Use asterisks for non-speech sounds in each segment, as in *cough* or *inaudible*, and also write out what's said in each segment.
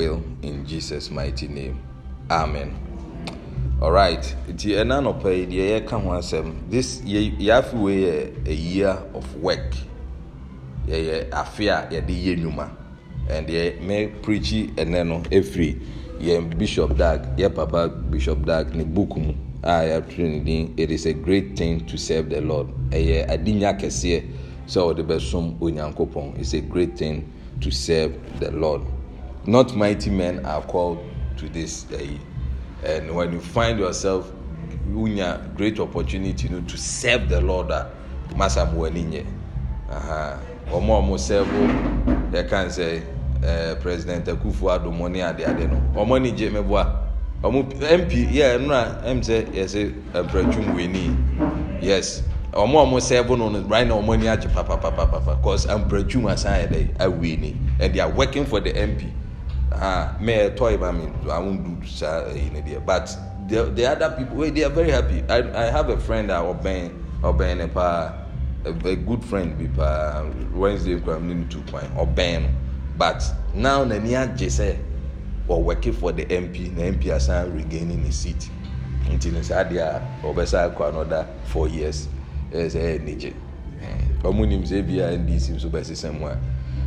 will in jesus mighty name amen alright nti ɛna nɔpɛ yi deɛ yɛka ho asɛm this yɛafe wei yɛ a year of work yɛyɛ afe a yɛde yɛ nnwuma and yɛ me preachi ɛnɛ no ɛfiri yɛn bishop dag yɛ papa bishop dag ne book mu a yɛatwerɛ ne din it is a great thing to serve the lord ɛyɛ adenya kɛseɛ sɛ wɔde bɛsom onyankopɔn it's a great thing to serve the lord not mighty men are called to this day and when you find yourself wunya great opportunity you know, to serve the lord a ah, masa mu wani nyɛ wɔn a wɔn serve yɛ kan sɛ ɛɛ president akufo adomo ne ade ade no wɔn ani gye mɛboa wɔn mp yɛ nnura ɛm sɛ yɛsɛ mpɛrɛtwum wani yes wɔn a wɔn serve no right now wɔn ani agye papapapapa cause mpɛrɛtwum asan yɛ dɛ awie ni and they are working for the mp ah me a toy but I mean I won't do that eh, in there but the the other people wait they are very happy I I have a friend that uh, obeying obeying a eh, pa a, a good friend be pa Wednesday kura I'm going two kwan obeying but now nani agye sɛ ɔwɔke for the MP na MP asan regaining his seat nti ne saa deɛ a ɔbɛsa akɔ another four years ɛsɛ ɛyɛ nigye ɔmo nim sɛ ebi a NDC nso bɛsesa mu a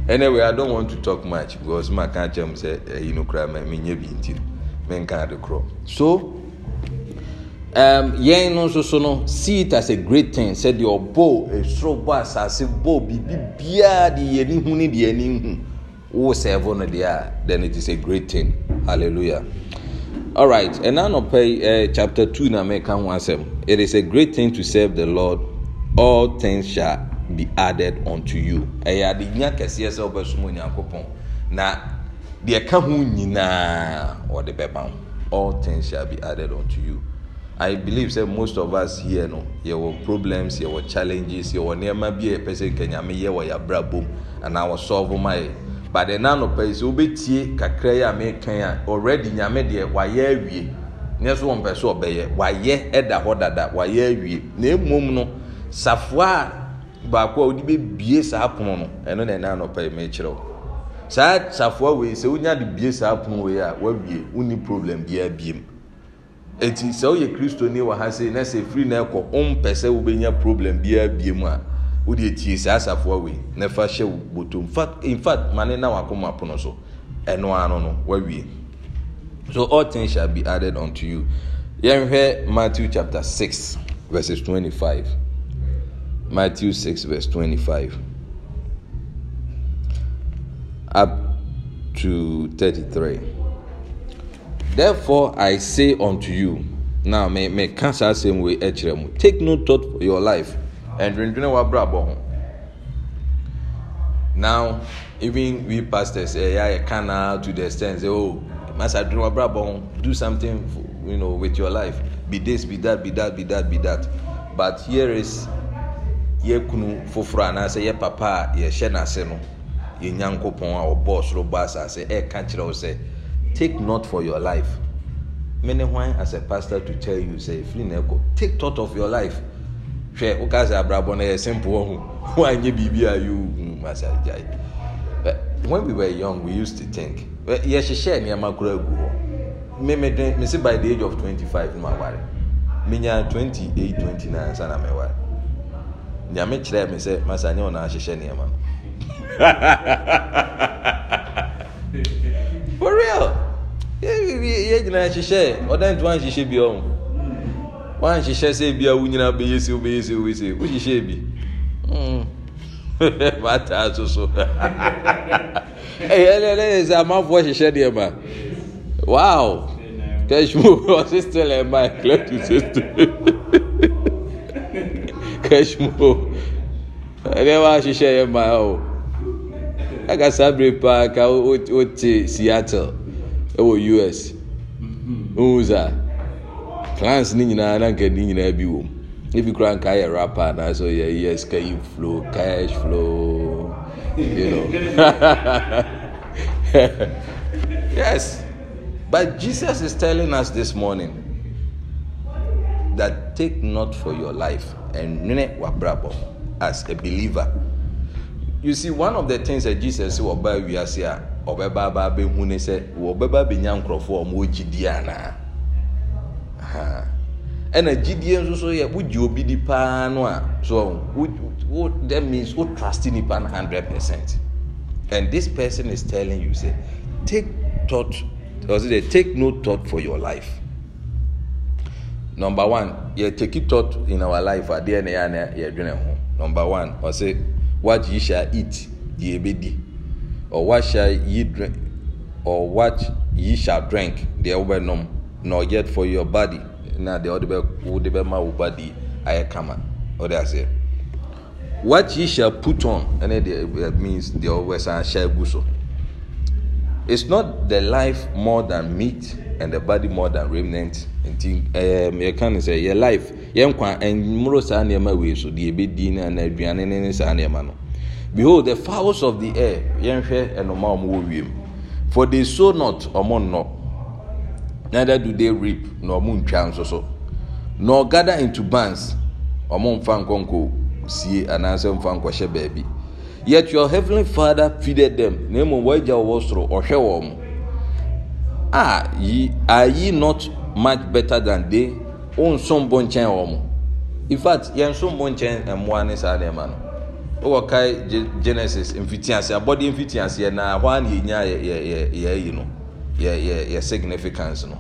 anyway i don't want to talk much because my kan kyerɛ mu sɛ ɛyi no kura ma nye bi nti mi nka adi korɔ so um, yɛn no so no see it as a great thing sɛdeɛ ɔbɔ esoro bɔ asase bɔ biribi biara deɛ yɛn ni hu ne deɛ yɛn ni hu wo sɛɛfo no deɛ a ah, then it is a great thing hallelujah. All right, and now pay uh, chapter two na make one eh, It is a great thing to serve the Lord. All things shall be added unto you ɛyɛ adenya kɛseɛ sɛ wobɛsom onyankopɔn na deɛ ka ho nyinaa wɔde bɛma wo all things shall be added unto you i believe say most of us here no yɛwɔ problems yɛwɔ challenges yɛwɔ nneɛma bi a yɛpɛ sɛ nkanyame yɛ wɔ yɛabra bom anaa wɔsɔɔvo ma yɛ but ɛna no yi sɛ wobɛtie kakra yi a mekan a already nyame deɛ wayɛ awie nyɛ so wɔn pɛ sɛ ɔbɛyɛ wayɛ ɛda hɔ dada wayɛ awie na emom no safoa baako a wode bɛbie saa pono no ɛno ne ɛna anɔpa yi mekyerɛ wo saa safoa wei sɛ wonya de bie saa pono wei a wawie wonni problem biara biem ɛnti sɛ woyɛ kristoni wɔ ha sei na sɛ firi na ɛkɔ wompɛ sɛ wobɛnya problem biara biem a wode tie saa safoa wei na fa hyɛ wo bɔtɔ infact ma ne na wakoma pono so ɛno ano no wawie so all things shall be added unto you yɛnhwɛ matthew chapter six, verses twenty-five. Matthew 6, verse 25 up to 33. Therefore, I say unto you, now may may cancer same way echremu. Eh, take no thought for your life and rendering wa brabo. Now, even we pastors, say eh, yeah, can to the extent say, oh, must wa brabo? Do something, for, you know, with your life. Be this, be that, be that, be that, be that. But here is yɛ kunu foforɔ anaasɛ yɛ papa a yɛhyɛ n'ase no yɛ nyankopɔn a ɔbɔ ɔsoro bɔ asase ɛka kyerɛ wo sɛ take note for your life mene hwan as a pastor to tell you sɛ efiri na ɛkɔ take thought of your life hwɛ woka sɛ abrabɔ no yɛ simple *laughs* ɔho woanyɛ biribi a yɛhu hmm, asagyae when we were young we used to think yɛhyehyɛ nneɛma koraa gu hɔ mmemme den mesi by the age of twenty five no ma ware menya twenty eight twenty nine sanna ware nyame kyerɛɛ me sɛ masa nyɛ wo na ahyehyɛ nneɛma *laughs* for real yɛ nyinaa hyehyɛ ɔdan nti wanhyehyɛ bi ɔho wanhyehyɛ sɛ bia wo nyinaa bɛyɛ se wobɛyɛ se wobɛyɛ se wohyehyɛ bi mataa hmm. *laughs* so so *laughs* ɛyɛ sɛ amanfoɔ hyehyɛ deɛ ma wow kashmu ɔse still ɛma clear to system kashmo ɛbɛ wa ahyehyɛ yɛ mmaa o akasa bere paa ka wote seattle ɛwɔ us nwuza clans ne nyinaa na nka ne nyinaa bi wɔ mu ebi kura nka yɛ rapper na so yɛ yes kayi flow cash flow you know *laughs* yes but jesus is telling us this morning that take not for your life. ɛnwene w'abrabɔ as a believer you see one of the things that jesus sɛ ɔbaa wiase a ɔbɛba abaa bɛhu ne sɛ ɔbɛba abɛnya nkurɔfoɔ a wɔn gyidie anaa ɛna gyidie nso so yɛ wogye obi di paa no a so wo wo that means wo trust nipa na hundred percent and this person is telling you say take thought or say take no thought for your life number one yɛ take it thought in our life adeɛ ne yɛn na yɛdwene ho number one ɔsɛ what you shall eat deɛ di, or what shall you drink or what you shall drink deɛ wobɛnom na ɔyɛ for your body na deɛ ɔde bɛ ɔde bɛ ma wo body ayɛ kama ɔde aseɛ what you shall put on ɛnɛ deɛ eh, means deɛ ɔbɛ san hyɛ gu so it's not the life more than meat and the body more than remnant nti ɛɛm yɛka no sɛ yɛ life yɛn kwan ɛnmoro saa nneɛma wei so deɛ ebedi na na aduane ne ne saa nneɛma no behold the fowls of the air yɛn hwɛ ɛnoma a wɔwɔ wiem for they sow not ɔmo nnɔ neither do they reap na ɔmo ntwa nso so nor gather into bands ɔmo nfa nkɔnkɔ sie anaasɛ nfa nkɔhyɛ baabi yet your heavenly father feeded them na emu wɔn agya wɔ soro ɔhwɛ wɔn. ah yi are ye not much better than they o nso mbɔ nkyɛn wɔ mo in fact yɛn nso mbɔ nkyɛn eh, mmoa ne saa nneɛma no wowɔ kae genesis mfitiaseɛ abɔde mfitiaseɛ na hɔ a na yɛnya yɛ yɛ yɛ no yɛ yɛ yɛ significance no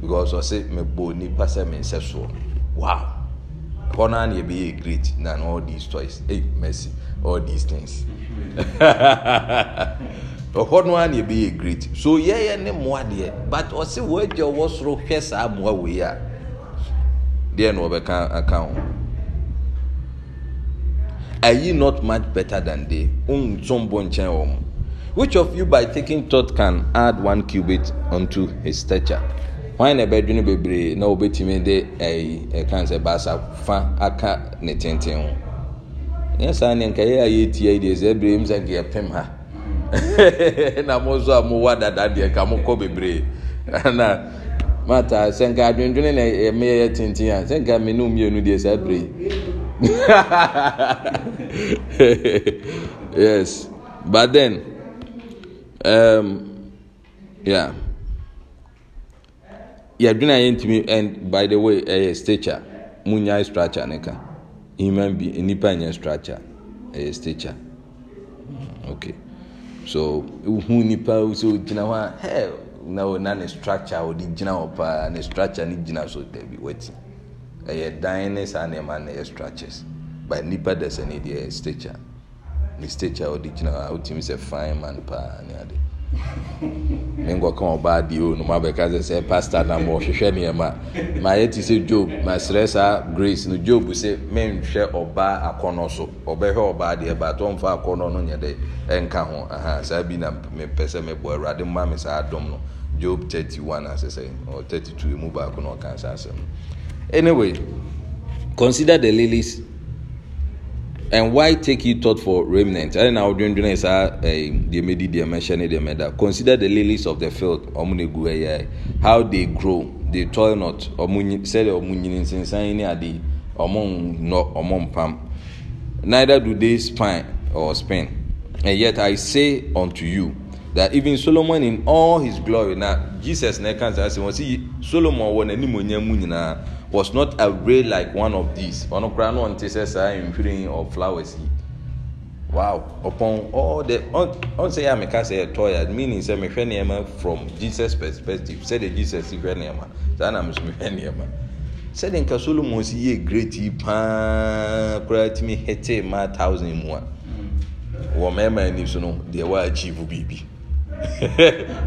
because ɔse mebɔ nipa sɛ me nsɛ soɔ wow hɔ no a na yɛbɛyɛ great than all these toys hey mercy all these things. *laughs* ɔhɔ no ara na yɛbɛyɛ great so yɛyɛ ne mmoa deɛ but ɔsi wɔagya ɔwɔ soro hwɛ saa mmoa wei a deɛ na ɔbɛka aka ho are you not much better than they nson bɔ nkyɛn wɔn which of you by taking thought can add one cubit unto his stature wọn na ɛbɛdwene bebree na obetumi de ɛyi ɛkan sɛ baasa fa aka ne tenten ho nyɛ saa ne nkae a yɛ tia yi deɛ sɛ ebire mu sɛ nka yɛ pem ha. *laughs* na mo nso a mowɔ adada deɛ ka mokɔ bebree ana *laughs* mata sɛnka adwendwene na meyɛyɛ tenten a sɛnka me mmienu deɛ saa berɛ *laughs* yes but then um, yeah yɛdwene a yɛntumi and by the way ɛyɛ stature munya structure ne ka human being nipa nyɛ structure ɛyɛ stature okay so wohu nipa sɛ ɔgyina hɔ a hell na na ne structure wɔde gyina hɔ paa ne structure ne gyina so dabi wati ɛyɛ dan ne saa nneɛma na e ɛyɛ structures but nipa dɛsɛ ne deɛ stature ne stature wɔde gyina hɔ a wotumi sɛ fine man paa ne ade menkɔka ɔba adeɛ o nom abɛka sɛ sɛ pastor na ma ɔhwehwɛ nneɛma maayɛ te sɛ job masrɛ saa grace no job sɛ menhwɛ ɔbaa akɔnɔ so ɔbɛhwɛ ɔbaa deɛ baatɔ mfa akɔnɔ no nyɛ dɛ ɛnka ho aha saa bi na mepɛ sɛ mebɔ awurade mma me saa dɔm no job 31 asɛ sɛ ɔ 32 mu baako na ɔka saa asɛm anyway consider the lilies and why take ye thought for remnant ɛn na ɔdwendwene saa ɛɛ deɛ mɛ di deɛ mɛ hyɛ ne deɛ mɛ da consider the lilies of the field ɔmo na egu ɛyɛ how they grow they toil not ɔmo nyi sɛdeɛ ɔmo nyini nsensan ne ade ɔmo nnɔ ɔmo mpam neither do they spine or spin and yet I say unto you that even Solomon in all his glory na Jesus na ɛka nsa ase wɔn si Solomon wɔ n'anim onyam mu nyinaa was not arrayed like one of these ɔno koraa no ɔnte sɛ saa nhwiren or flowers yi wow upon all the ɔn sɛ yɛ ameka sɛ yɛ toy a meaning sɛ mehwɛ from jesus perspective sɛde jesus hwɛ nneɛma saa na meso mehwɛ nneɛma sɛde nka solomon si yɛ great yi paa koraa tumi hete ma thousand mu a wɔ mmarima ani so no deɛ wɔ achieve biribi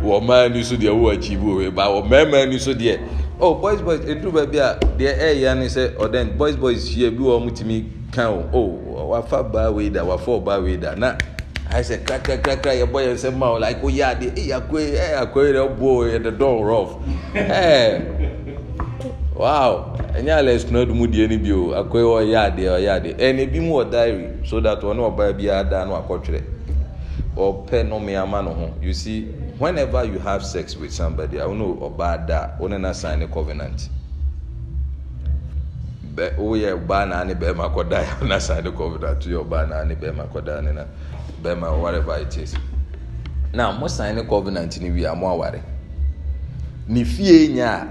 wɔ mmaa ani so deɛ wɔ achieve wɔ ba wɔ mmarima ani so deɛ oh boys boys eduru baabi a deɛ ɛɛyɛ ne sɛ ɔdɛn boys boys yie bi wɔ ɔmo tumi kan o oh wafa baa wei da wafa ɔbaa wei da na ayɛ sɛ kakrakrakra yɛbɔ yɛn nsɛm ma o like oyɛ ade eyi akoe ɛyɛ akoe yɛ ɔbo yɛ the door rough ɛɛ *laughs* eh. wow ɛnyɛ alex nɔdu mu die ni bi o akoe ɔyɛ adeɛ ɔyɛ adeɛ ɛna ebi mu wɔ diary so that ɔne ɔbaa oh, ah, biara da no akɔtwerɛ ɔpɛ nɔmi ama no ho oh, you see. whenever you have sex with somebody a wone ɔbaa oh, da a wone *laughs* na sign ne covenant bɛ woyɛ ɔbaa naa ne bɛrima kɔda a wone sign ne covenant woyɛ ɔbaa naa ne bɛrima kɔda ne na bɛrima whatever it is na mo sign ne covenant ne wie a mo aware ne fie nya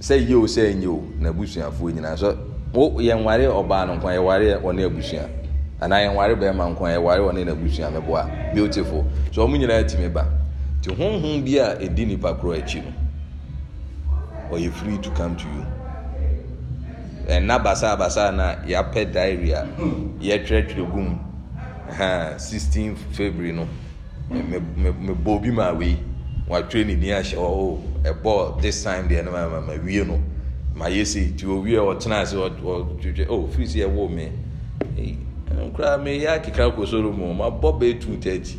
sɛ yie o sɛ nye o na abusuafoɔ nyinaa so o yɛn ware ɔbaa no nkwa yɛn ware wɔne abusua anaa yɛn ware bɛrima nkwa yɛn ware wɔne n'abusua mɛboa beautiful so wɔn nyinaa tumi ba. nti honhom bi a ɛdi nnipa korɔ akyi no ɔyɛ free to come to you basa basa na yɛapɛ diary a yɛtwerɛtwerɛ gu mu sixteen february no mebɔ bi ma wei watwerɛ ne din ahyɛ hɔ o oh, ɛbɔ this time deɛ no ma ma wie no ma oh, yɛ sei nti owie ɔtena ase ɔtwitwe o firi si ɛwɔ me nkura mi ya kika ko soro mu ma bɔ bɛ two thirty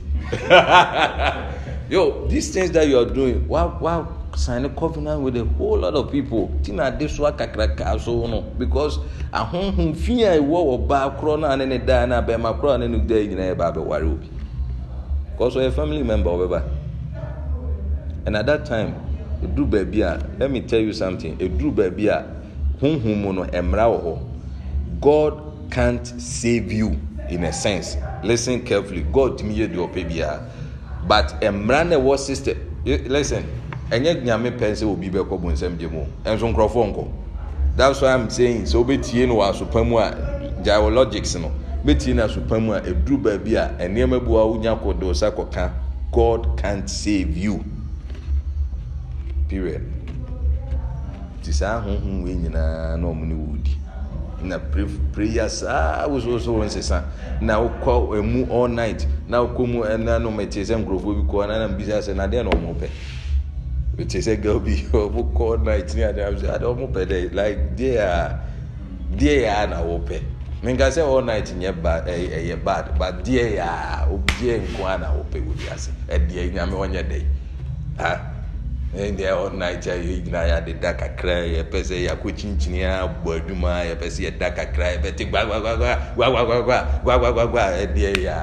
yo these things that you are doing wa wa sign covenant with a whole lot of people ti na de so akakraka so no because ahohun fi a iwọ wɔ ba korɔ na ne ne da na bɛrima korɔ na ne ne da nyinaa ba abɛ ware obi because ɔyɛ family member ɔbɛba and at that time eduru baabi a let me tell you something eduru baabi a huhun mu no mmara wɔ hɔ god can't save you in a sense listen carefully god tumi yɛ deɛ ɔpɛ biara but mmara na ɛwɔ system listen ɛnyɛ nyame pɛn sɛ obi bɛkɔ bɔ nsɛm gye mu ɛnso nkurɔfoɔ nkɔ that's why i'm saying sɛ wobɛtie no wɔ asopa mu a gyrologics no bɛtie no asopa mu a ɛduru baabi a nneɛma bi a wonya kɔ do sa kɔka god can't save you period ti saa ahohom wei nyinaa na ɔmo ne wɔ di na prayers ah wosowoso wɔn sesa na wokɔ emu all night na wokɔ mu ɛna eh, no ma tie sɛ nkurɔfoɔ bi kɔ na na mbisa sɛ na adeɛ na wɔn pɛ tie sɛ girl bi wɔn *laughs* kɔ all night ne adeɛ am sɛ adeɛ wɔn pɛ dɛ like deɛ a deɛ yɛ a na wɔn pɛ minka sɛ all night nyɛ ba ɛyɛ eh, eh, ɛyɛ bad but deɛ yɛ a deɛ nko a na wɔn pɛ wɔ bi ase ɛdeɛ nyame wɔn nyɛ dɛ ha. Ah. ya ya gya ya yɛadeda ya yɛpɛ sɛ ya kyinkyini abɔ adwuma yɛpɛ sɛ yɛda kakra yɛbɛte ya ɛdeɛ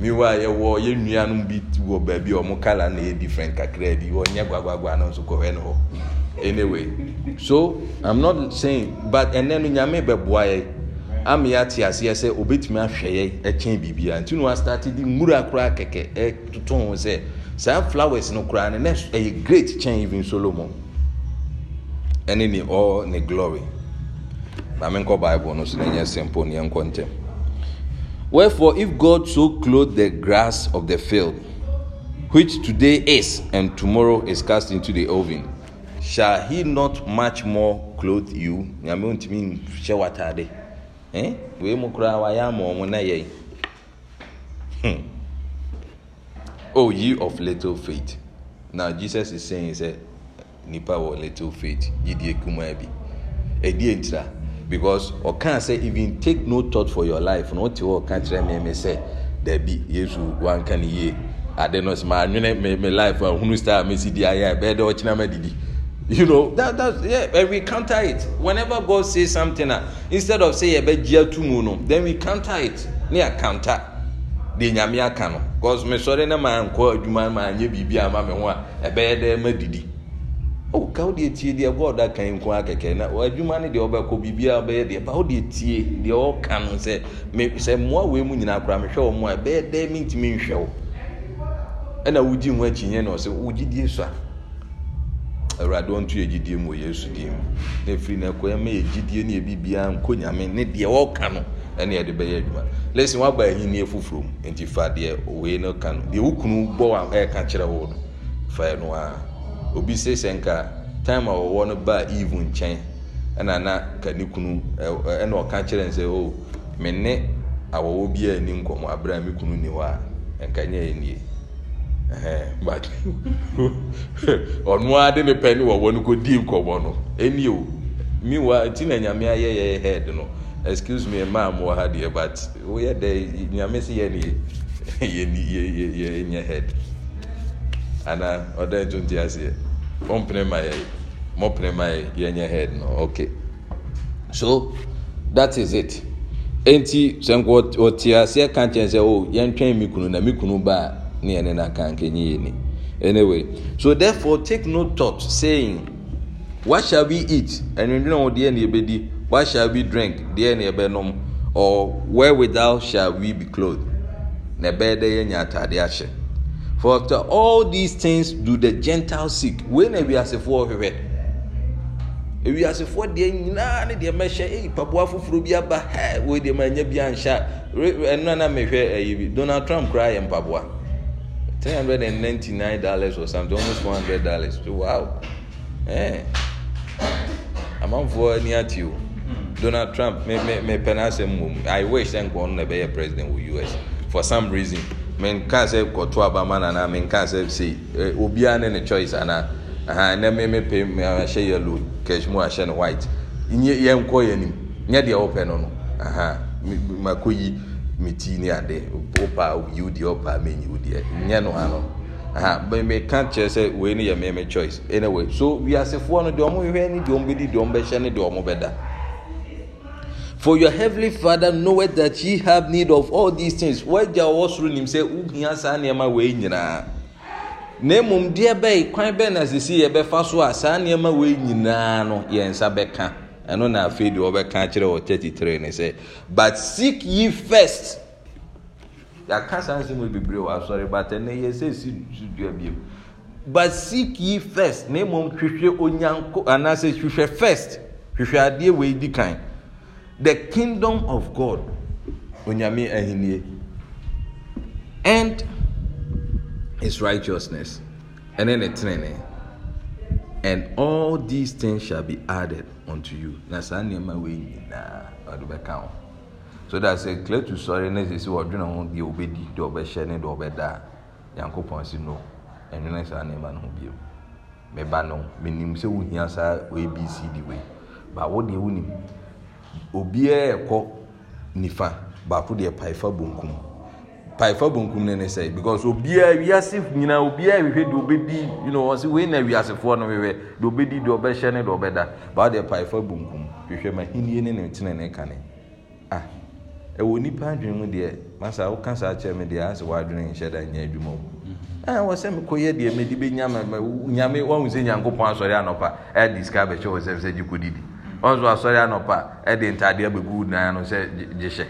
miwa ya mewa ya yɛ nnuanom bi wɔ baabi a kala na ya different kakra bi wɔnyɛ gwaggwaggwa nso anyway so i'm not saying but nyame ama ya na wastarte de nwura saa flowers no koraa no next ɛyɛ great kyɛn even solomon ɛne ne all ne glory maame nkɔ bible no so na simple ne ɛnkɔ ntɛm wherefore if god so clothe the grass of the field which today is and tomorrow is cast into the oven shall he not much more clothe you nyame ntumi nhyɛ w'ataade ɛn wei mu koraa wayɛ ama ɔmo na yɛn hmm oh ye of little faith now jesus is saying sɛ nipa wɔ little faith gyidie kumaa bi ɛdi e ntira because ɔkan say even take no thought for your life na ɔte hɔ ɔkan kyerɛ mɛmɛ sɛ dɛbi yesu wanka ne yie ade no sɛ maa nwene mɛ mɛ life a uh, hunu star mɛ si di ayɛ ɛbɛyɛ dɛ ɔkyerɛ mɛ didi you know that that yeah and we counter it whenever God say something na uh, instead of say yɛ bɛ gye atu mu no then we counter it ne yɛ counter de nyame aka no. because na no maankɔ adwuma maanyɛ biribi ama me ho a ɛbɛyɛ dɛ ma didi oh, ka wodeɛ tie deɛ bɔɔda kan nko akɛkɛ na adwuma no deɛ wobɛkɔ biribiaa wobɛyɛ deɛ ba wodeɛ tie deɛ ɔka no sɛ sɛ mmoa wei mu nyinaa koraa mehwɛ wɔ mu a ɛbɛyɛ dɛ mentumi nhwɛ wo ɛna wogye ho akyinyɛ na ɔsɛ wogyidie so a awurade ɔnto yɛ die mu wɔ yesu din mu na ɛfiri no ɛkɔ ɛma yɛ gyidie ne yɛ biribiaa nkɔ nyame ne deɛ ɔka no ɛne ɛde bɛyɛ adwuma lesin waba ahinni foforɔ mu nti fa deɛ wei no ka no deɛ wokunu bɔ a ɛka kyerɛ wo no fa ɛno ara obi se sɛ nka taim a wɔwɔ no baa iivu nkyɛn ɛna na ka ne kunu ɛna ɔka kyerɛ sɛ o oh, me ne awɔwɔ biara ni nkɔmɔ abira mi kunu ni hɔ a nka nyɛ ɛnie ɛhɛn but *laughs* ɔno ara de ne pɛ ne wɔwɔ no ko di nkɔmɔ no ɛnie o miwa ti na nyame ayɛ yɛ head no. excuse me mmaa mo wɔ ha deɛ but woyɛ dɛ nyame si yɛ nie yɛ yɛ yɛ nyɛ head ana ɔdan to nti aseɛ ɔmpene ma yɛ mɔpene ma yɛ yɛ nyɛ head no okay so that is it enti sɛ nko ɔte aseɛ ka kyɛn sɛ o yɛntwɛn mi kunu na mi kunu ba ne yɛn nena kan kɛnyi yɛ ni anyway so therefore take no thought saying what shall we eat ɛnwendwen a wɔde yɛ na di. Why shall we drink deɛ na nom or where without shall we be clothed na ɛbɛyɛ dɛ yɛnya ataade ahyɛ for after all these things do the gentile seek wei na ewiasefoɔ hwehwɛ ewiasefoɔ deɛ nyinaa ne deɛ mɛhyɛ eyi papoa foforɔ bi aba hɛ wei deɛ mɛnyɛ bi anhyɛ re ɛnura na mɛhwɛ ɛyi bi donald trump koraa yɛ mpaboa three hundred and ninety nine dollars or something almost four hundred dollars wow ɛɛ eh. amanfoɔ ni ati o. Hmm. donald trump mepɛ no asɛm mmom i wish sɛ nkɔ ɔno na ɛbɛyɛ president wɔ us for some reason menka sɛ kɔto abama no anaa menka sɛ sei eh, obiara ne ne choice anaa ɛnɛ memepɛ eh, ahyɛ yellow cash mu ahyɛ no white yɛnkɔ yɛnim nyɛ deɛ wopɛ no no makɔyi me ti ne ade wopa woyiw deɛ wopa menyiw deɛ nyɛ no ha no meka kyerɛ sɛ wei no yɛ meme choice anyway so wiasefoɔ no deɛ ɔmo hwehwɛ ne deɛ ɔmo di deɛ ɔmo bɛhyɛ ne deɛ ɔmo For your heavenly Father knoweth that ye have need of all these things. Wagya wɔ soro nim sɛ wohia saa nneɛma wei nyinaa. Na mmom deɛ bɛyɛ kwan bɛn na sisi yɛbɛfa so a saa nneɛma wei nyinaa no yɛn nsa bɛka. Ɛno na afei deɛ wɔbɛka akyerɛ wɔ thirty three ne sɛ but seek ye first. Yɛaka saa nsɛm wɔ bebree wɔ asɔre but ɛnɛ yɛ sɛ si dua biem. But seek ye first na mmom hwehwɛ onyanko anaasɛ hwehwɛ first hwehwɛ adeɛ wei di kan the kingdom of god onyame ahinie and his righteousness ɛne ne tenene and all these things shall be added unto you na saa nneɛma wei nyinaa ɔde bɛka ho so that sɛ kletu sɔre ne sisi na ho deɛ di, deɛ ɔbɛhyɛ ne deɛ ɔbɛda a yankopɔn si no ɛnwene saa nneɛma no ho bio meba no menim sɛ wohia saa abcd wei ba wo deɛ nim obiara ɛkɔ nifa baako deɛ paifa bonkum paifa bonkum ne ne sɛ because obiara wiase nyinaa obiara hwehwɛ deɛ ɔbɛdi you know wɔn sɛ wei na wiasefoɔ no hwehwɛ deɛ ɔbɛdi deɛ ɔbɛhyɛ ne deɛ ɔbɛda baako deɛ paifa bonkum hwehwɛ ma hinie ne ne tena ne kane ah ɛwɔ nipa adwene mu deɛ masa woka saa kyerɛ me deɛ asɛ wadwene nhyɛ da nyɛ adwuma mu mhm. ah, wɔ sɛ mekɔyɛ deɛ mɛde bɛnyame nyame wahu sɛ nyankopɔn asɔre anɔpa ɛde sika bɛkyɛ wɔ sɛ sɛ gye kɔdidi ɔnso asɔre anɔpa ɛde e ntaadeɛ abɛgu nan no sɛ gye hyɛ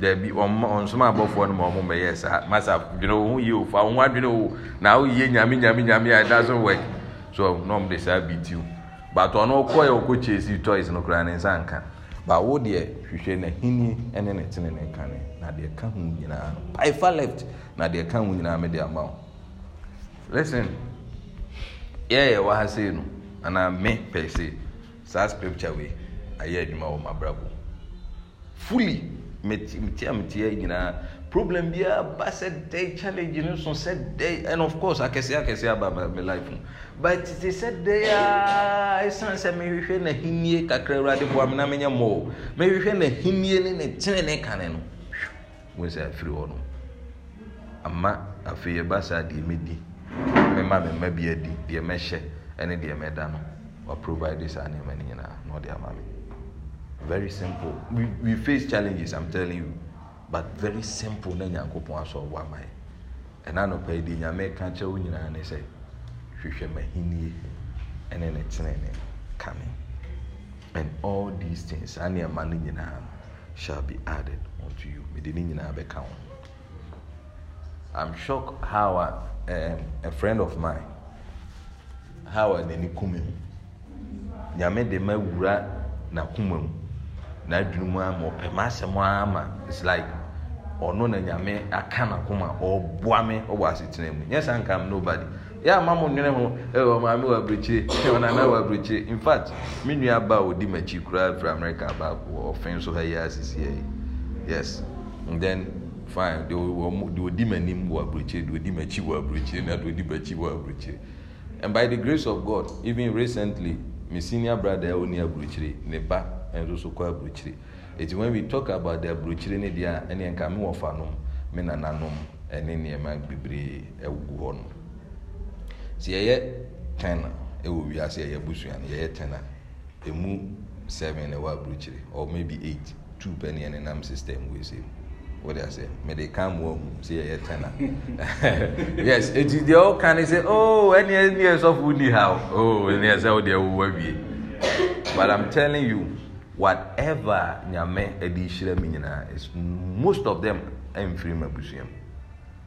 daabi ɔnsoma abɔfoɔ no ma ɔmo mɛyɛ saa masa dwene wo ho yie o fa wo ho adwene o na woyie nyame nyame nyame a ɛda so wɛ so na ɔmo de saa bi ti o but ɔno kɔɛ ɔkɔ kyesi toys no koraa ne nsa nka ba wo deɛ hwehwɛ na hini ɛne ne tene ne nka na deɛ ka ho nyinaa no paifa left na deɛ ka ho nyinaa me de ama wo listen yɛyɛ wɔ ha sei no anaa me pɛ saa scripture wei ayɛ adwuma wɔ mabrabɔ fully mete a meteɛ nyinaa problem biara ba sɛ dɛn challenge no so sɛ dɛn and of course akɛseɛ akɛseɛ aba me life mu but te sɛ dɛn a ɛsiane sɛ mehwehwɛ n'ahennie kakra awurade boa me na menyɛ mmɔɔ mehwehwɛ n'ahennie ne ne ne kane no wo sɛ afiri hɔ no ama afei yɛba saa deɛ mɛdi mema me mma bi adi deɛ mɛhyɛ ne deɛ mɛda no or provide this anime and not their mommy. Very simple. We, we face challenges, I'm telling you, but very simple. Na nyankopon aso wa mai. Ena no pɛ di nyame ka kyerɛ wo nyinaa ne sɛ hwehwɛ m'ahenni ɛne ne tenene ka me. And all these things, ani amani no shall be added unto you. Mede ne nyinaa bɛka I'm shocked how a, um, a friend of mine, how a n'ani kume nyame de ma wura n'akoma mu n'adwene mu ama ɔpɛ ma asɛm ama it's like ɔno na nyame aka n'akoma ɔboa me ɔwɔ asetena mu nyɛ san kam nobody yɛ ama mo nwene ho ɛwɔ maame wɔ aburokyire ɛwɔ nana wɔ aburokyire in fact me nua ba a odi m'akyi koraa firi america aba ɔfɛn so ha yi asisi yɛ yes and then fine de wɔn de odi m'anim wɔ aburokyire de odi m'akyi wɔ aburokyire na de odi m'akyi wɔ aburokyire and by the grace of god even recently me senior brother ɛwɔ ni aburukyire ne ba ɛnso so kɔ aburukyire eti when we talk about the aburukyire ne deɛ ɛne nka me wɔ fa nom me nananom ɛne nneɛma bebree ɛwugu hɔ nom si ɛyɛ ten ɛwɔ wiase ɛyɛ busua no yɛyɛ ten a emu seven ɛwɔ aburukyire or maybe eight two pɛ ne yɛn nenam system wɔ ese mu. what did I say? May they come home, see a tenor. *laughs* yes, it is the old kind of say, oh, any years of Woody how? Oh, any years of the But I'm telling you, whatever Nyame Edishire Minina is, most of them, I'm free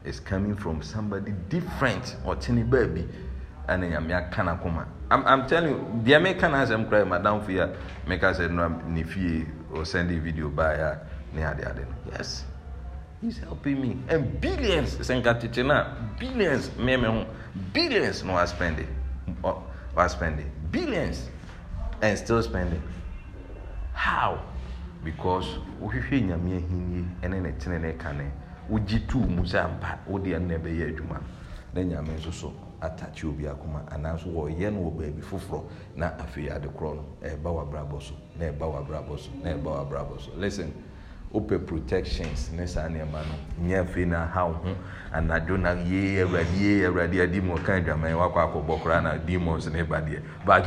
is coming from somebody different or tiny baby. And Nyame Kanakuma. I'm, I'm telling you, the American has them crying, Madame Fia, make us a nifie or send a video by her. Yes. He's helping me. And billions, Senkatichina, billions, Memehu, billions no are spending. Are spending. Billions. And still spending. How? Because wohwehwɛ nyame ahenni ne ne tene ne ka ne wogye too mu sɛ ampa wode ɛno na ɛbɛyɛ adwuma na nyame nso so atakye obi akoma anaasɛ wɔyɛ no wɔ baabi foforɔ na afei ade korɔ no ɛɛba w'abrabɔ so na ɛba w'abrabɔ so na ɛba w'abrabɔ so listen wopɛ protections ne saa nneɛma no nyɛ afei na ha ho anadwo na ye awurade yee awurade adi mu ɔka adwaman wakɔ akɔbɔ koraa na demons *laughs* ne ba deɛ but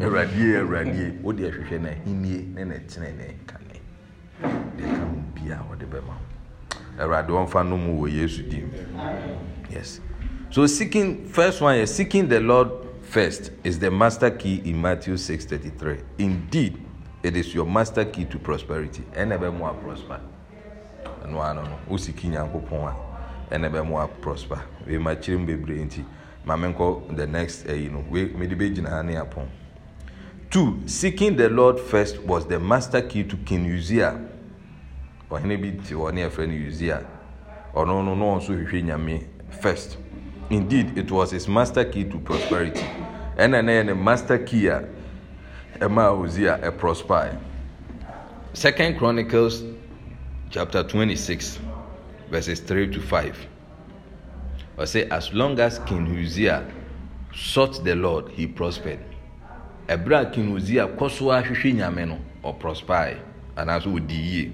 awurade yee awurade yee wode ahwehwɛ na ahinie ne ne tene ne nkane deɛ ka ho bia wɔde bɛma ho awurade wɔmfa no mu wɔ yesu dim yes so seeking first one yɛ seeking the lord first is the master key in matthew six thirty three indeed. it is your master key to prosperity ɛna ɛbɛ mu a prosper ɛno ano no o si ki nyankopɔn a ɛna ɛbɛ mu a prosper wei ma kyerɛ mu bebree nti maame nkɔ the next ɛyi eh, no wei mede bɛ gyina ha ne apɔn two seeking the lord first was the master key to king uzia ɔhene bi te hɔ ne yɛfrɛ no uzia ɔno no na ɔn so hwehwɛ nyame first indeed it was his master key to prosperity ɛna ɛna yɛ ne master key a ɛmaa Hosea ɛprospire Second Chronicles chapter twenty-six verses three to five ɔsɛ as long as King Hosea sought the Lord he prospered ɛberɛ a King Hosea kɔ so ahwehwɛ nyame no ɔprospire anaasɛ ɔdi yie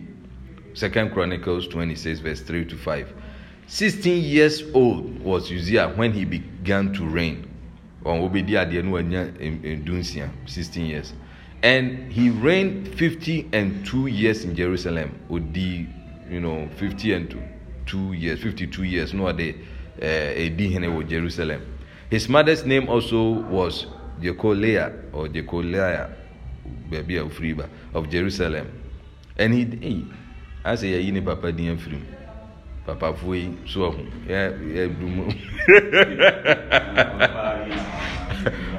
Second Chronicles twenty-six verse three to five sixteen years old was Hosea when he began to reign wɔn wɔbɛdi adeɛ no wɔanya ndunsia sixteen years and he reigned fifty and two years in Jerusalem odi you know fifty and two years fifty two years no ɔde ɛɛ edi eh, hene wɔ Jerusalem his mother's name also was Jekolea or Jekolea baabi a ofiri ba of Jerusalem and he as a yɛyi ne papa din afiri mu papafoɔ yi nso ahu yɛ yɛ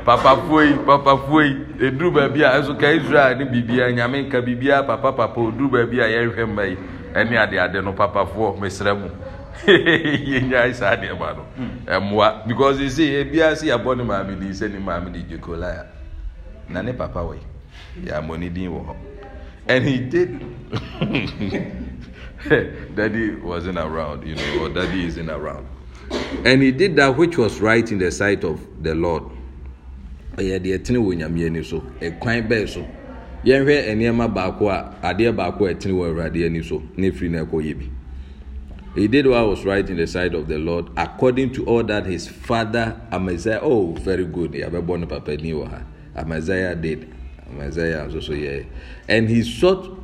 Papa papafoɔ um. *laughs* Papa papafoɔ yi eduru baabi a ɛso ka israel ne biribiara nyame nka biribiara papa papa oduru baabi a yɛrehwɛ mma yi ɛne ade ade no papafoɔ mesrɛ mu yɛnya saa adeɛ ma no ɛmoa because you see ebiara si abɔ ne maame di sɛ ne maame di jokolaya na ne papa wɔ yi yɛ amoni din wɔ hɔ and he did. *laughs* *laughs* daddy wasn't around, you know, or daddy isn't around. And he did that which was right in the sight of the Lord. Ɛyɛ deɛ tene wɔ nyame ani so, ɛkwan bɛɛ so. Yɛnhwɛ nneɛma baako a adeɛ baako a ɛtene wɔ Awurade ani so na efiri na ɛkɔ yɛ bi. He did what was right in the sight of the Lord according to all that his father Amaziah. Oh, very good. Yabɛbɔ ne papa ni wɔ ha. Amaziah did. Amaziah nso so yɛ. And he sought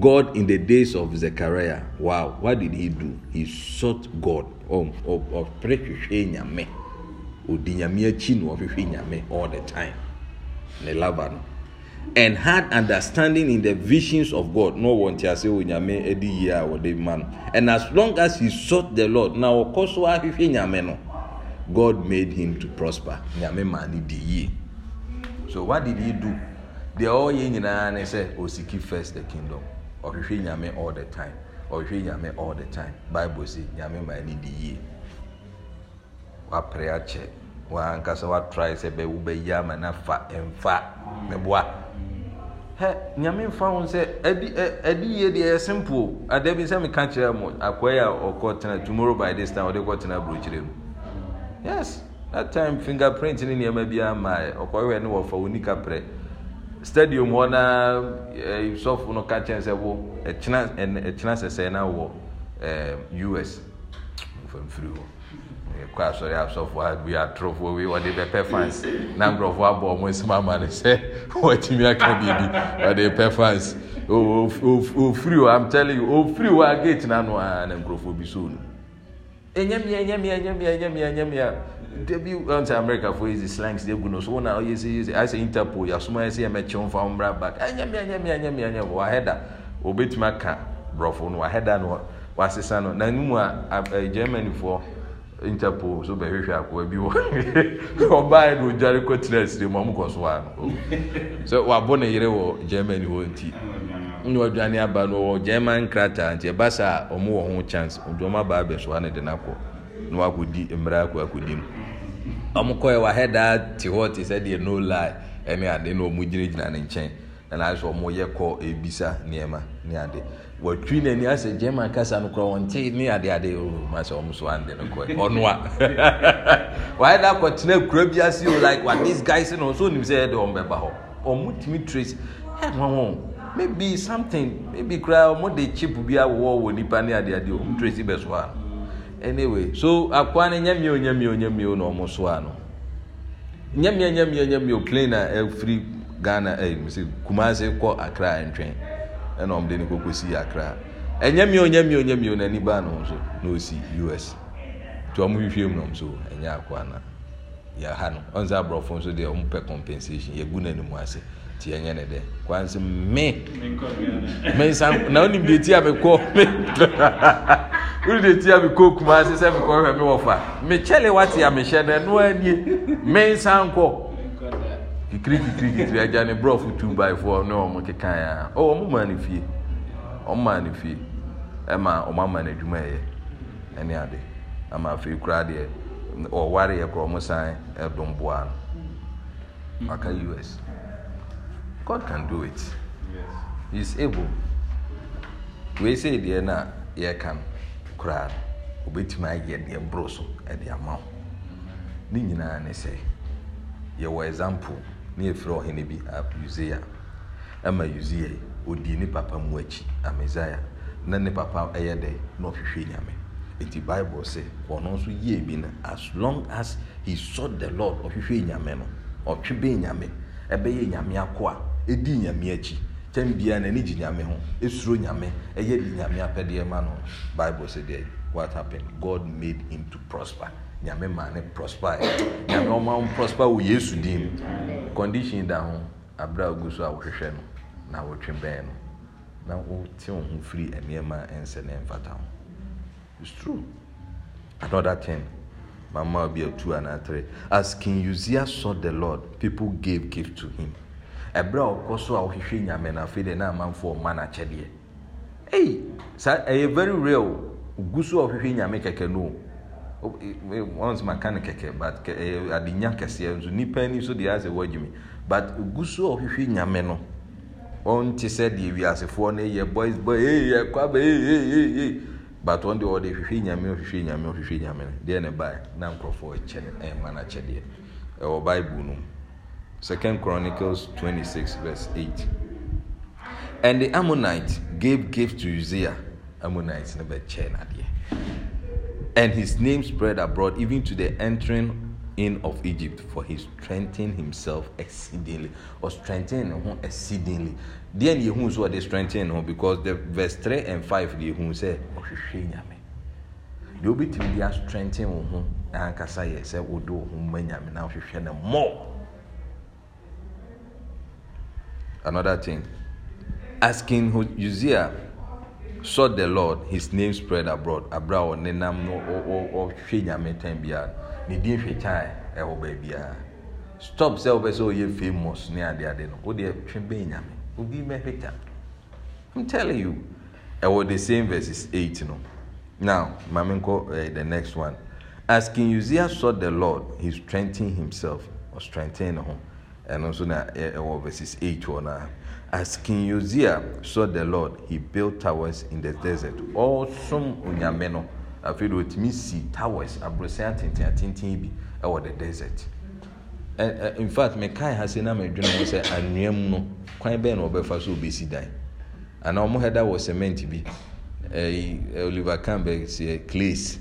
God in the days of Zechariah, wow, what did he do? He sought God. Ɔpere oh, oh, oh, hwehwɛ nyame. Odi nyame akyi na ɔhwehwɛ nyame all the time. Ne lava And had understanding in the visions of God. No one te ase onyame edi a wɔde ma no. And as long as he sought the Lord, na ɔkɔ so ahwehwɛ nyame no, God made him to prosper. Nyame maa ne So what did he do? They all nyinaa ne sɛ osiki first the kingdom ɔhwehwɛ nyame all the time ɔhwehwɛ nyame all the time bible si nyame ma ani di yie wapere akyɛ wankasa watrae sɛ bɛ wobɛyi ama na fa mfa meboa. boa hɛ nyame mfa ho sɛ adi adi yie deɛ ɛyɛ simple adeɛ bi sɛ meka kyerɛ mo akɔyɛ a ɔkɔ tena tomorrow by this time ɔde kɔ tena aburokyire mu yes that time fingerprint ne nneɛma bi ama ɔkɔhwɛ ne wɔfa onika prɛ stadium hɔ na eh, sɔfo no ka kyɛn sɛ wo ɛkyina ɛkyina sɛsɛ na wɔ ɛɛ eh, us mfamfiri hɔ ɛkɔ asɔre asɔfo abi atorofo wi wɔde bɛpɛ fans na nkorɔfo abɔ ɔmo nsɛm ama ne sɛ *laughs* wɔtumi aka biribi wɔde pɛ fans ofiri hɔ i'm telling you ofiri hɔ a gate na no aa na nkorɔfo bi so no enyamia enyamia enyamia enyamia enyamia debi ante america fo yi slangs de gu no so wọn na ɔyɛ si yi ayɛ interpol yasoma yɛ si yɛ mɛkyɛw nfa wɔn mra back ɛnyɛmi ɛnyɛmi ɛnyɛmi ɛnyɛmi wɔ ahɛda obetumi aka borɔfo no ahɛda no wasesa no na nimu a germany foɔ interpol so bɛhwehwɛ akoa bi wɔ ɔbaa no odware kɔtena asire mu ɔmokɔ so a no sɛ wabɔ ne yere wɔ germany hɔ nti ne wadwane aba no ɔwɔ german krataa nti ɛba saa a ɔmo wɔ ho chance ɔde ɔmo aba abɛsoa ne de no akɔ na wakɔdi mmara akɔ akɔdi mu ɔmo kɔɛ wahɛdaa te hɔ te sɛ deɛ no lie ɛne ade na ɔmo gyinagyina ne nkyɛn ɛna nso ɔmo yɛ kɔ ebisa nneɛma ne ade wɔtwi n'ani asɛ gyɛma kasa no kora wɔn nkyɛn ne ade ade o oh, ma sɛ ɔmo so ande *laughs* oh, no kɔɛ ɔnoa wahɛdaa kɔtena kura bi ase o like wa this guy sɛ na ɔso onim sɛ ɛde ɔmo bɛba hɔ ɔmo tumi trace ɛno ho maybe something maybe kora ɔmo de chip bi awɔ wɔ nipa ne ade ade o oh, ɔmo trace bɛ so ano anyway so akoa no nyamio nyamio nyamio na ɔmo so a nyamio nyamio nyamio plane a ɛfiri ghana ɛyi mo sɛ kumase kɔ akra ntwɛn ɛna ɔmo de ne koko si akra ɛnyamio nyamio nyamio na niba no nso na osi us tí ɔmo hwehwɛ mu na ɔmo so ɛnyɛ akoa na yɛ ha no ɔnze aborɔfo nso deɛ ɔmo pɛ compensation yɛ gu n'anim ase ti ɛnyɛ ne dɛ kwansi mme mme *laughs* nsa na onim deɛ ti a mi kɔ mme. wode tia me kɔ kuma se sɛ mekɔhwɛ me wɔ fa mekyɛle wate a mehyɛ no ɛno anie mensa nkɔ kikiri kikiri kikiri agya ne borɔfo two by four ne wɔn kekaeɛ a ɔwɔ ɔmo maa ne fie ɔmo maa ne fie ɛma ɔmo ama n'adwuma yɛ ɛne ade ama afei kura deɛ ɔware yɛ korɔ ɔmo san ɛdom bua no waka us god can do it he is able wei sɛ deɛ na yɛka no. koraa no obɛtumi ayɛ deɛ mboro so ɛde ama ho ne nyinaa ne sɛ yɛwɔ example ne yɛfiri ɔhene bi usia ɛma usia ɔdi ne papa mu akyi amesaia na ne papa ɛyɛ dɛ na ɔhwehwɛ nyame nti bible sɛ ɔno nso yie bi no as long as he sought the lord ɔhwehwɛ nyame no ɔtwe bɛn nyame ɛbɛyɛ nyame ako a ɛdi nyame akyi kyɛn biara n'ani gye nyame ho esuro nyame ɛyɛ nyame apɛdeɛ ma no bible sɛ deɛ what happened god made him to prosper nyame maa ne prosper e. nyame ɔma ho prosper wɔ yesu dim condition da ho abira ogu so a wɔhwehwɛ no na wɔtwe bɛn no na wɔte wɔn ho firi nneɛma nsɛ ne mfata ho it's true another thing mama obi a two and a three as king uzziah saw the lord people gave gift to him. ɛberɛ a ɔkɔ so a ɔhwehwɛ nyame na afei deɛ ne amanfoɔ ɔma akyɛdeɛ saa ɛyɛ very real gu so a ɔhwehwɛ nyame kɛkɛ no once maka no kɛkɛ but ɛyɛ adenya kɛseɛ nso nnipa ni so deɛ asɛ but gu so a nyame no ɔnte sɛ deɛ wiasefoɔ no boys boy ee yɛ kwaba ee ee but wɔn deɛ ɔde hwehwɛ nyame hwehwɛ nyame hwehwɛ nyame deɛ ne baa na nkurɔfoɔ ɛkyɛ ɛma ɛwɔ bible Second Chronicles 26, verse 8. And the Ammonite gave gift to Uzziah. Ammonites never chain And his name spread abroad, even to the entering in of Egypt, for he strengthened himself exceedingly. Or strengthened exceedingly. Then he who saw the strengthened because the verse 3 and 5 the who said, You will de astrɛnten wo ho na ankasa yɛ sɛ wode wo more another thing. asking King Uzziah saw the Lord, his name spread abroad. Abraham nenam no o o o hwe nyame tan bia. Stop sɛ wopɛ sɛ famous ne ade ade no. Wode twe bɛn nyame. Obi mɛhwe ta. I'm telling you. Ɛwɔ the same verses 8 no. Now, maame uh, the next one. Asking King Uzziah saw the Lord, he strengthened himself. Or strengthened home. ɛno nso na ɛwɔ verses eight wɔ na as king uzziah saw the lord he built towers in the desert ɔsom onyame no afei de otumi si towers aborosan atenten atenten bi ɛwɔ the desert ɛ ɛ in fact mɛkae ha sɛ na mɛ dwene ho sɛ anwea mu no kwan bɛyɛ na ɔbɛfa so ɔbɛsi dan anaa wɔn hɛda wɔ cement bi ɛyi oliver campbell sɛ clays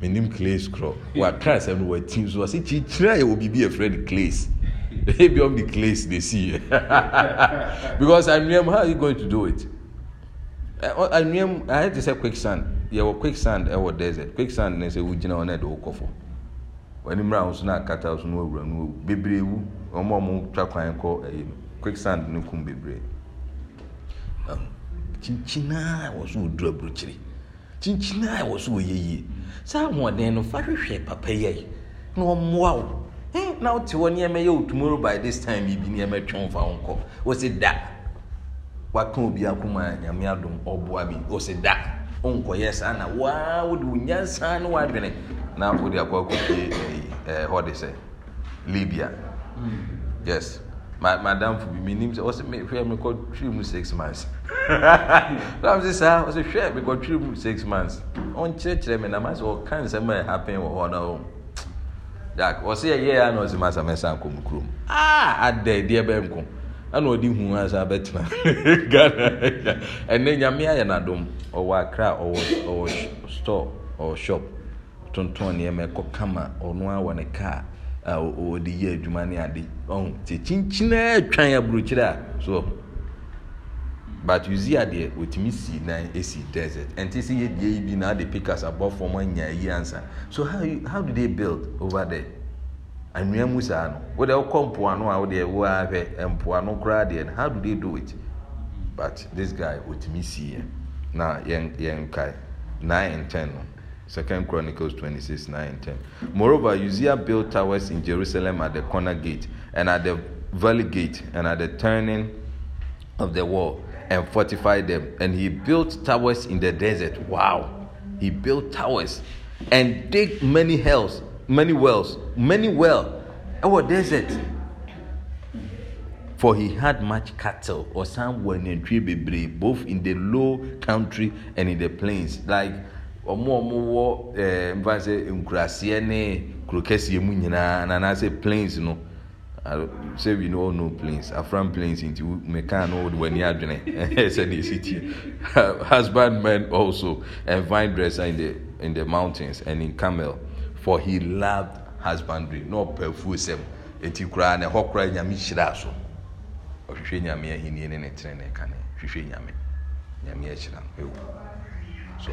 menim clays korɔ wakra sɛ no wɔ ti so ɔsi kyikyiri a yɛ wɔ biribi yɛ fred clays. *laughs* Maybe on the clays they see *laughs* because anuam how are you going to do it eh, oh, I had to say quicksand yɛwɔ quicksand ɛwɔ eh, desert quicksand ne say we hɔ na ɛde wokɔ fo w'animmerɛ a wo so no akata wo so no wawura no wawu bebree wu wɔn track. wɔtwa kwan kɔ quicksand. no quicksand no kum bebree kyinkyinaa wɔ so wɔduru aburukyire kyinkyinaa wɔ so wɔyɛ yie saa ahoɔden no fa hwehwɛ no yɛi na ɔmmoa wo hey, eh, na wote hɔ nneɛma yɛ wo tomorrow by this time yi bi nneɛma twɛn fa wo nkɔ wo se da waka obi akoma nyame adom ɔboa bi wo se da wonkɔyɛ saa na waa wode wo nyansa ne woadwene na wode akɔ akɔpie eh, eh, hɔ de sɛ libia mm. yes madamfo bi menim sɛ ɔsɛ hwɛ mekɔtwiri mu six months dam *laughs* se saa ɔsɛ hwɛ mekɔtwiri mu six months ɔnkyerɛkyerɛ me namasɛ ɔka nsɛm a ɛhapen wɔ hɔ na ɔm ɔsɛ yɛyɛɛ na ɔsɛm asa mɛsa akɔm kurom ah, ada ɛdeɛ bɛɛ nko ana ɔde hu asa bɛtena *laughs* ghana ɛnɛ nyame ayɛ n'adom ɔwɔ akra ɔwɔ store ɔwɔ shop tontɔn nneɛma ɛkɔ kama ɔno awɔ ne kaa a ɔde yɛ adwuma ne ade ɔhu atwan a so but you see adeɛ wotumi si nan esi desert ɛnti si yɛ deɛ yi bi na adi pickers abɔ fam anya yi ansa so how you how do they build over there anwea mu saa no wo deɛ wokɔ mpoano a wo deɛ wo ahwɛ mpoano koraa deɛ no how do they do it but this guy wotumi si yɛ na yɛn yɛn kae nine and ten no. Second Chronicles 26, 9 and 10. Moreover, Uzziah built towers in Jerusalem at the corner gate and at the valley gate and at the turning of the wall and fortified them. And he built towers in the desert. Wow. He built towers and dig many hells, many wells, many well. Our desert. For he had much cattle or some were in tree both in the low country and in the plains. Like more, more. wɔ ɛɛ nfa sɛ nkuraseɛ ne plains say we no know planes afran planes nti mekaa no wode w'ani adwene sɛdeɛ ɛsi tie husband men also and vine dresser in the, in the mountains and in camel for he loved husbandry na ɔpɛfuo sɛm ɛnti koraa na ɛhɔ koraa nyame hyiraa so ɔhwehwɛ nyame ahenni ne ne tene ne kane hwehwɛ nyame nyame akyira no ɛwu so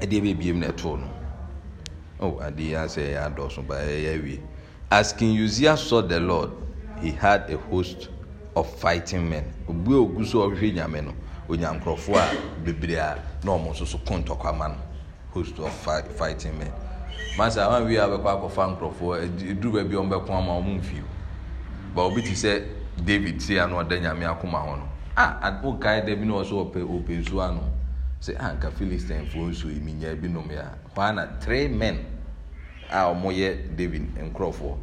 ɛdeɛ bɛbiem na ɛtoo no Oh, I didn't say I don't know. As King Uzziah saw the Lord, he had a host of fighting men. Obi ogu so ɔhwehwɛ nyame no, onyam nkurɔfoɔ a bebree a na wɔn nso so ko ntɔkwama no, host of fighting men. Masa awọn wi abɛkɔ akɔfa nkurɔfoɔ eduru baabi a wɔn bɛko ama wɔn mfi o. Ba obi ti sɛ David si ano ɔda nyame akoma hɔ no. Ah, o kae dɛ bi na ɔso ɔpɛ ɔpɛ nsuo ano. Sɛ anka Philistine fo nsuo yi mi nya ebinom ya. hɔ ana tre men a ɔmoyɛ david nkurɔfoɔ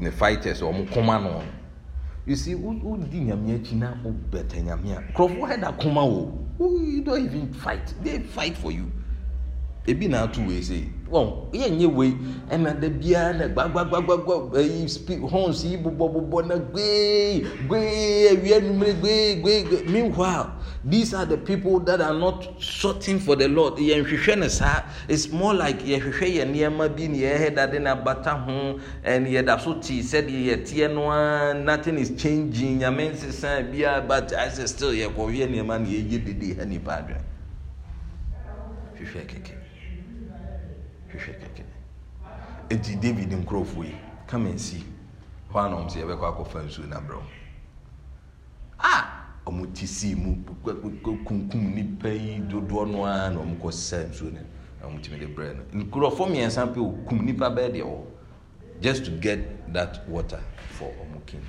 ne fighters ɔmo koma no you see wodi nyame akyi na wobɛta nyame a nkurɔfoɔ hɛda koma wo you don't even fight they fight for you ebi na ato wei sei wɔn yɛn nye wei ɛna da biara na gbagbagbagbagba ɛyi spi horns yi bobɔbobɔ na gbee gbee awia numere gbee gbee meanwhile. these are the people that are not sorting for the lord yɛnhwehwɛ ne saa it's more like yɛhwehwɛ yɛn nneɛma bi ne yɛhɛ dade ne abata ho and yɛda so te sɛdeɛ yɛteɛ no a nothing is changing nyame nsesa bia but i say still yɛkɔhwɛ nneɛma ne yɛyɛ didi ha nipa adwene hwehwɛ kɛkɛ hwehwɛ kɛkɛ eti david nkurɔfoɔ yi come and see hɔ a na wɔn sɛ yɛbɛkɔ akɔfa nsuo na brɛ wɔn wɔn ti sii mu kunkum nipa yi dodoɔ no ara na wɔn kɔ sisa nsuo no na wɔn tumi de brɛ no nkurɔfoɔ mmiɛnsa pe okum nipa bɛɛ deɛ wɔ just to get that water for wɔn king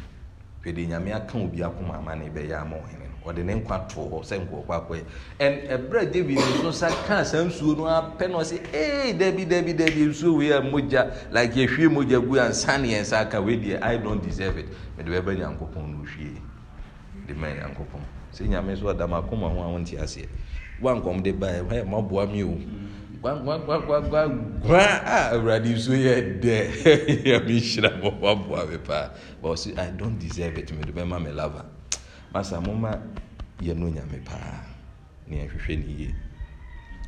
hwɛde nyame aka obi akoma ama ne bɛyɛ ama ɔhene no ɔde ne nkwa too hɔ sɛ nkɔɔkɔ akɔyɛ ɛn ɛbrɛ david nso sa kaa saa nsuo no apɛ na ɔsɛ ee dabi dabi dabi nsuo wei a mogya like yɛhwie mogya gu ansa ne yɛn nsa aka wei deɛ i don't deserve it mɛde bɛbɛ nyankopɔn no hwie de ma nyankopɔn sɛ nyame so ada makoma ho a wonte aseɛ woankɔm de baɛ ɛ maboa me o gwa a awurade so yɛ dɛ *laughs* yɛmehyira bɔ woaboa me paa bɔ so i don't deserve it mede bɛma me lava masa moma yɛno nyame paa ne yɛhwehwɛ ne yie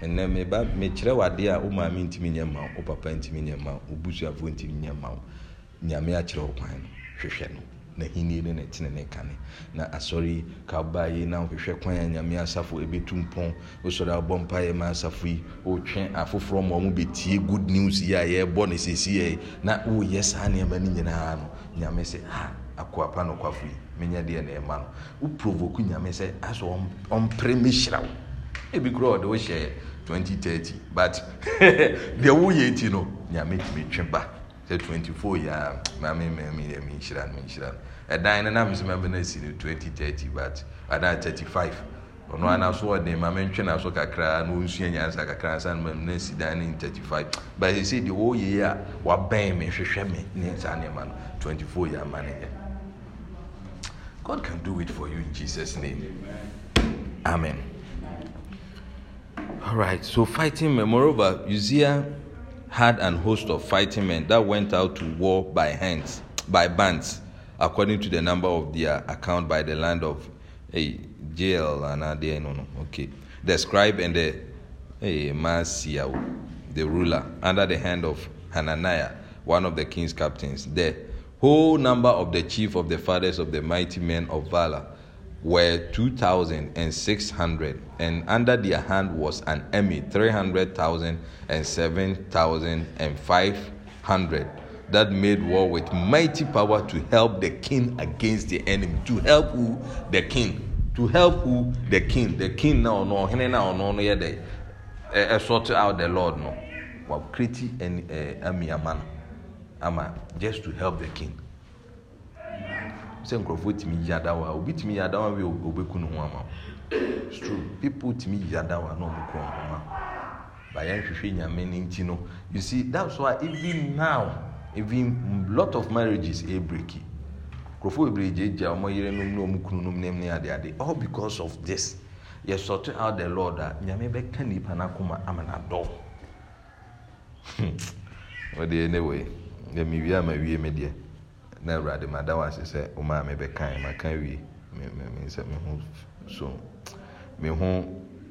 ɛnɛ meba mekyerɛ wadeɛ a wo maame ntimi nyɛ ma wo papa ntimi nyɛ ma wo busuafoɔ ntimi nyɛ ma wo nyame akyerɛ wo kwan no hwehwɛ no na n'ahenni ne ne tene ne kane na asɔre ah, yi ka aba yi na hwehwɛ kwan a nyame asafo ebetu mpɔn osɔre abɔ mpa yɛ ma asafo yi otwe afoforɔ ma ɔmo betie good news yi a yɛrebɔ ne sisi yɛ na woyɛ saa nneɛma no nyinaa no nyame sɛ ha akoapa no kwafo yi menya deɛ na ɛma no woprovoku nyame sɛ asɛ ɔmpere mehyira wo ebi kura ɔde wo hyɛ 2030 but *laughs* deɛ woyɛ ti no nyame tumi twe ba sɛ 24 yi a maame maame yɛ mi nhyira no nhyira no ɛdan no nam sɛ maame no asi no 2030 but adan 35 ɔno ana so ɔde maame ntwe na so kakra na ɔnsua nyansa kakra ansa no maame no asi dan no 35 but ɛsɛ deɛ ɔyɛ yi a wabɛn me hwehwɛ me ne saa nneɛma no 24 yi ama ne yɛ God can do it for you in Jesus name amen all right so fighting memoreover Uzziah had an host of fighting men that went out to war by hands, by bands, according to the number of their account by the land of hey, Jael and Adia, uh, no, no, okay. The scribe and the hey, Masiao, the ruler, under the hand of Hananiah, one of the king's captains. The whole number of the chief of the fathers of the mighty men of valor were 2,600, and under their hand was an army 300,000 and 7,500 that made war with mighty power to help the king against the enemy. To help who? The king. To help who? The king. The king now, no, he now, no, no, yeah, they eh, eh, sort out the Lord, no. Well, pretty an eh, army, a man, just to help the king. sɛ nkurɔfoɔ tumi yi adawa obi tumi yi adawa bi obeku ne ho ama it's true people tumi yi adawa na ɔmo kɔn ho ma bayɛ nhwehwɛ nyame ne nti no you see that's why even now even lot of marriages e break nkurɔfoɔ bebree gyegye a ɔmo yere nom ne ɔmo kunu nom ne mu ne all because of this yɛ sort out the lord a nyame bɛka nipa n'akoma ama n'adɔ *laughs* wɔde anyway yɛ mi wie ama wie mi deɛ na awurade ma da wa ase sɛ ɔmaa mi bɛ kan ma kan wie mi mi mi mi ho so mi ho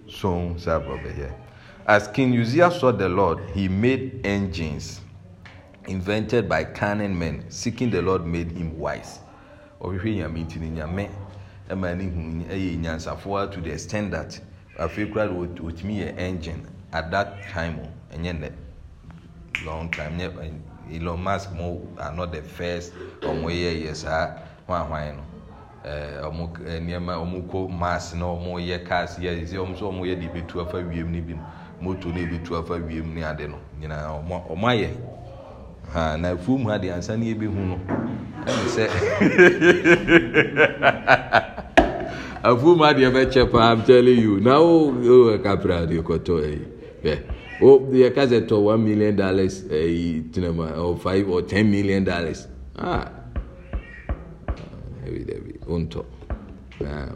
so sɛ abɔ bɛyɛ as king uzziah saw the lord he made engines invented by cunning men seeking the lord made him wise ɔhwehwɛ nyame nti ne nyame ɛma ne hu ɛyɛ nyansafoɔ to the extent that afei kura de otumi yɛ engine at that time ɛnyɛ nɛ long time ɛnyɛ elon musk mo ano the first ɔmo yɛ yɛ saa hwanhwan no ɛɛ ɔmo nneɛma ɔmo kɔ mars na ɔmo yɛ cars yɛ ɛsɛ ɔmo nso ɔmo yɛ de ebetu afa wiem ne bi no moto ne ebetu afa wiem ne ade no nyinaa ɔmo ɔmo ayɛ ha na efuo mu ha de ansa ne ebi hu no ɛna sɛ afuo mu adeɛ bɛ kyɛ paa i'm telling you na o o kapra de kɔtɔ ɛyi bɛ. Yeah. yɛka sɛ tɔ one million dollars ɛyi eh, tinama or five or ten million dollars ah ɛbi dɛbi o ntɔ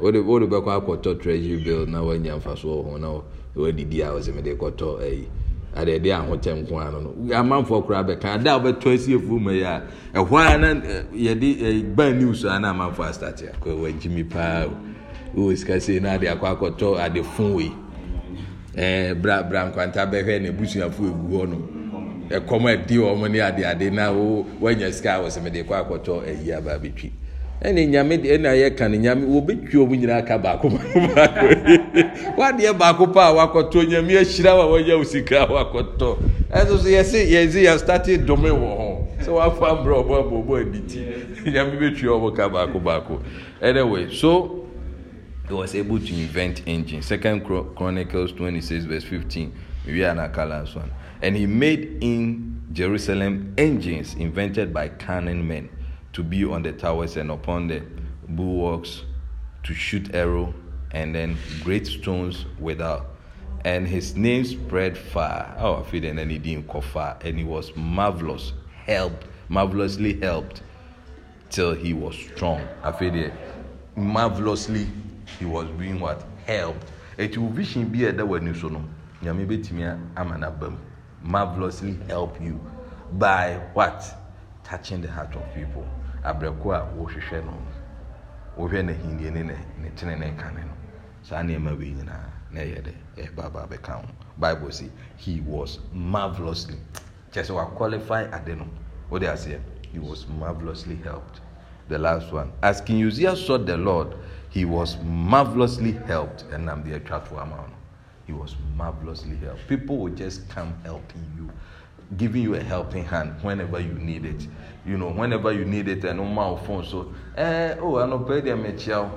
o de o de bɛ kɔ akɔtɔ treasury bill na wa nya nfa so ɔhɔn na wa didi a ɔsɛ mi de kɔtɔ ɛyi ade ɛde ahotɛm ko ano no amanfoɔ koraa bɛka ada a wɔbɛtɔ esi efu mu yi a ɛhɔ a na yɛde ɛ ban news a na amanfoɔ asitati akɔ ɛwɔ gyimi paa o o sika sei na ade akɔ akɔtɔ ade fun wei. ɛɛ eh, bra bra nkwanta bɛhwɛ ne busuafo egu hɔ no ɛkɔm ɛdi wɔn ne ade ade na wo wɔnyɛ sika a wɔsɛm de kɔ akɔtɔ ɛyi aba abɛtwi ɛna nyame ɛna yɛ ka ne nyame wo bɛtwi wɔn nyinaa ka baako baako *laughs* wadeɛ baako pa a wakɔtɔ nyame ahyira wa wɔnyɛ sika wakɔtɔ ɛso so yɛsi yɛsi yɛ stati dome wɔ ho sɛ wafa mbrɛ ɔbɔ abɔ ɔbɔ ti nyame bɛtwi wɔn ka baako baako anyway so. he was able to invent engines. Second Chronicles 26, verse 15. We are Nakala as one. And he made in Jerusalem engines invented by cunning men to be on the towers and upon the bulwarks to shoot arrow and then great stones without. And his name spread far. Oh, I feel and then he didn't go far. And he was marvelous, helped, marvelously helped till he was strong. I feel marvelously he was being what helped eti wo vision bi a ɛda w'ani so no nyame betumi ama n'aba mu marvelously help you by what touching the heart of people abrɛko a wohwehwɛ no wohwɛ n'ahindie ne ne tene ne kane no saa nneɛma wei nyinaa na ɛyɛ dɛ ɛba aba abɛka ho bible say he was marvelously kyɛ sɛ waqualify ade no wode aseɛ he was marvelously helped the last one as king saw the lord he was marvelously helped and i'm the attractive amount he was marvelously helped people will just come helping you giving you a helping hand whenever you need it you know whenever you need it and ọmọ àwọn phone so ẹ ọ anọpẹ ẹdí ẹmẹ kyia o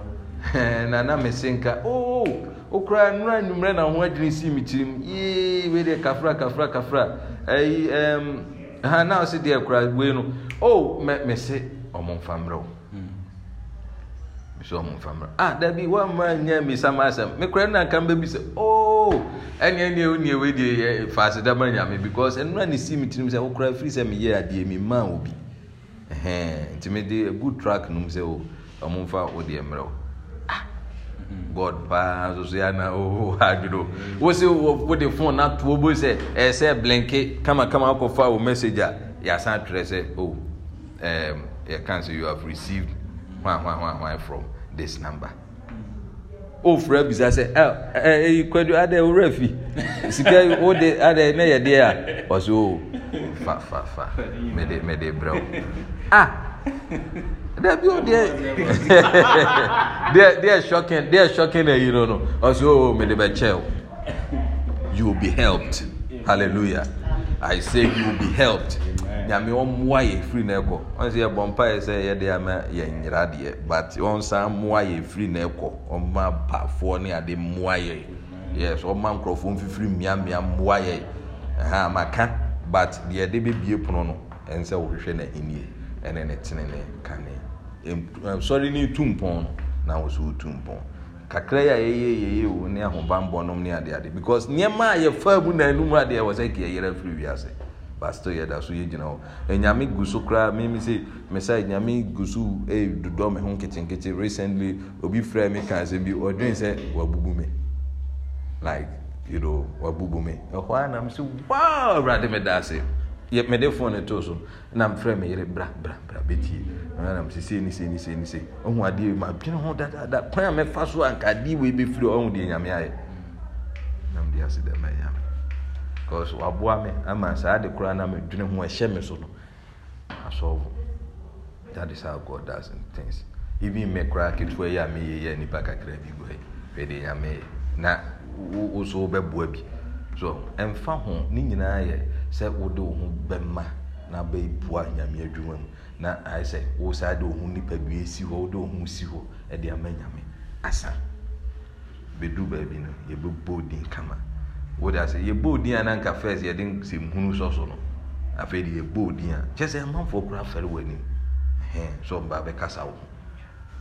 ẹ nana mi se nka ooo oh, okura oh, nnura nnumrẹ na ọhún adwiri si mi tirim yee wei deɛ kafra kafra kafra ɛyi eh, ɛm ha naa ɔsi deɛ kura wei no ooo oh, mɛ mɛ se ɔmo nfa mmerɛ o. Hmm nso ɔmo nfa mmerɛ ah dabi wa mmerɛ nyɛ mbisa ma asɛm mekura nna nka mbɛ bisa ooo oh! ɛnea nea onie wei deɛ yɛ faase dama nyame because nnura ne si mi tirim sɛ okura oh, firi sɛ mi yɛ adeɛ mi maa obi ɛhɛn ntumi de good track num sɛ o oh, ɔmo nfa o deɛ mmerɛ o ah god paa soso ya na *laughs* o adwiri o wosi wo de phone na to o bo sɛ ɛsɛ blinke kamakama akɔfa o message a yasan atwerɛ sɛ o ɛɛm yɛ kan sɛ you have received. Why, why, why, why from this number wofra bisa sɛ kwadu adɛ wowrɛ fi sika wode adɛ ne yɛdeɛ a ɔso o fafafa mede brɛ wo ah dabi o deɛ deɛ deɛ shocking deɛ shocking ɛyi no no ɔso o mede bɛkyɛ o you will be helped hallelujah i say you will be helped nyame ɔmmoa yɛ firi no ɛkɔ ɔn sɛ yɛbɔ mpaeɛ sɛ yɛde ama yɛn nyera deɛ but ɔnsan mmoa yɛ firi no ɛkɔ ɔma bafoɔ ne ade mmoa yɛ yes ɔma nkurɔfoɔ mfifiri mmeammea mmoa yɛ ha maka but deɛ yɛde bɛbie pono no ɛn sɛ wohwehwɛ no ahennie ɛne ne tene ne kane sɔre ne tu mpɔn no na wo so wotu mpɔn kakra yɛ a yɛyɛ yɛyɛ o ne ahobanbɔ nom ne adeade because nneɛma a yɛfa mu na anum adeɛ wɔ sɛ kɛyɛyɛra firi wiase basto yɛ da so yɛgyina hɔ ɛnyame gu so koraa mimi sɛ mesa nyame gu so e, dodɔ me ho nketenkete recently obi frɛ me kaa sɛ bi ɔdwen sɛ wabubu me like you know wabubu me ɛhɔ a nam sɛ wow awurade meda ase yɛ mede fon ne to so na mfrɛ me yere bra bra bra bɛtie ɛnam sɛ sei ne sei ne sei ne sei ɔhu adeɛ ma adwene ho dadaada kwan a mɛfa so anka adeɛ wei bɛfiri ɔhu deɛ nyame ayɛ nam deɛ ase dɛ ma nyame because waboa me ama saa de koraa na medwene ho ɛhyɛ me so no asɔɔfo that is how God does things even me koraa ketewa yi a meyɛ yɛ nipa kakra bi gu ha yi fɛde nyame yɛ na wo so wobɛboa bi so ɛmfa ho ne nyinaa yɛ sɛ wode wo ho bɛma na bɛboa nyame adwuma mu na ayɛ sɛ wo saa de wo ho nipa bi si hɔ wode wo ho si hɔ ɛde ama nyame asa Bedu baabi no yɛbɛbɔ din kama wode ase yɛbɔ odin a na nka first yɛde nsɛmhunu sɔ so no afei de yɛbɔ odin a kyɛ sɛ amanfoɔ koraa fɛre w'anim hɛn so mba bɛkasa wo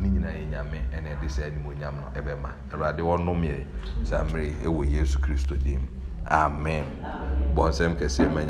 ne nyinaa yɛ nyame ɛna ɛde sɛ animonyam no ɛbɛma awurade wɔnom yɛ saa mmere ɛwɔ yesu kristo dim amen bɔnsɛm kɛseɛ ma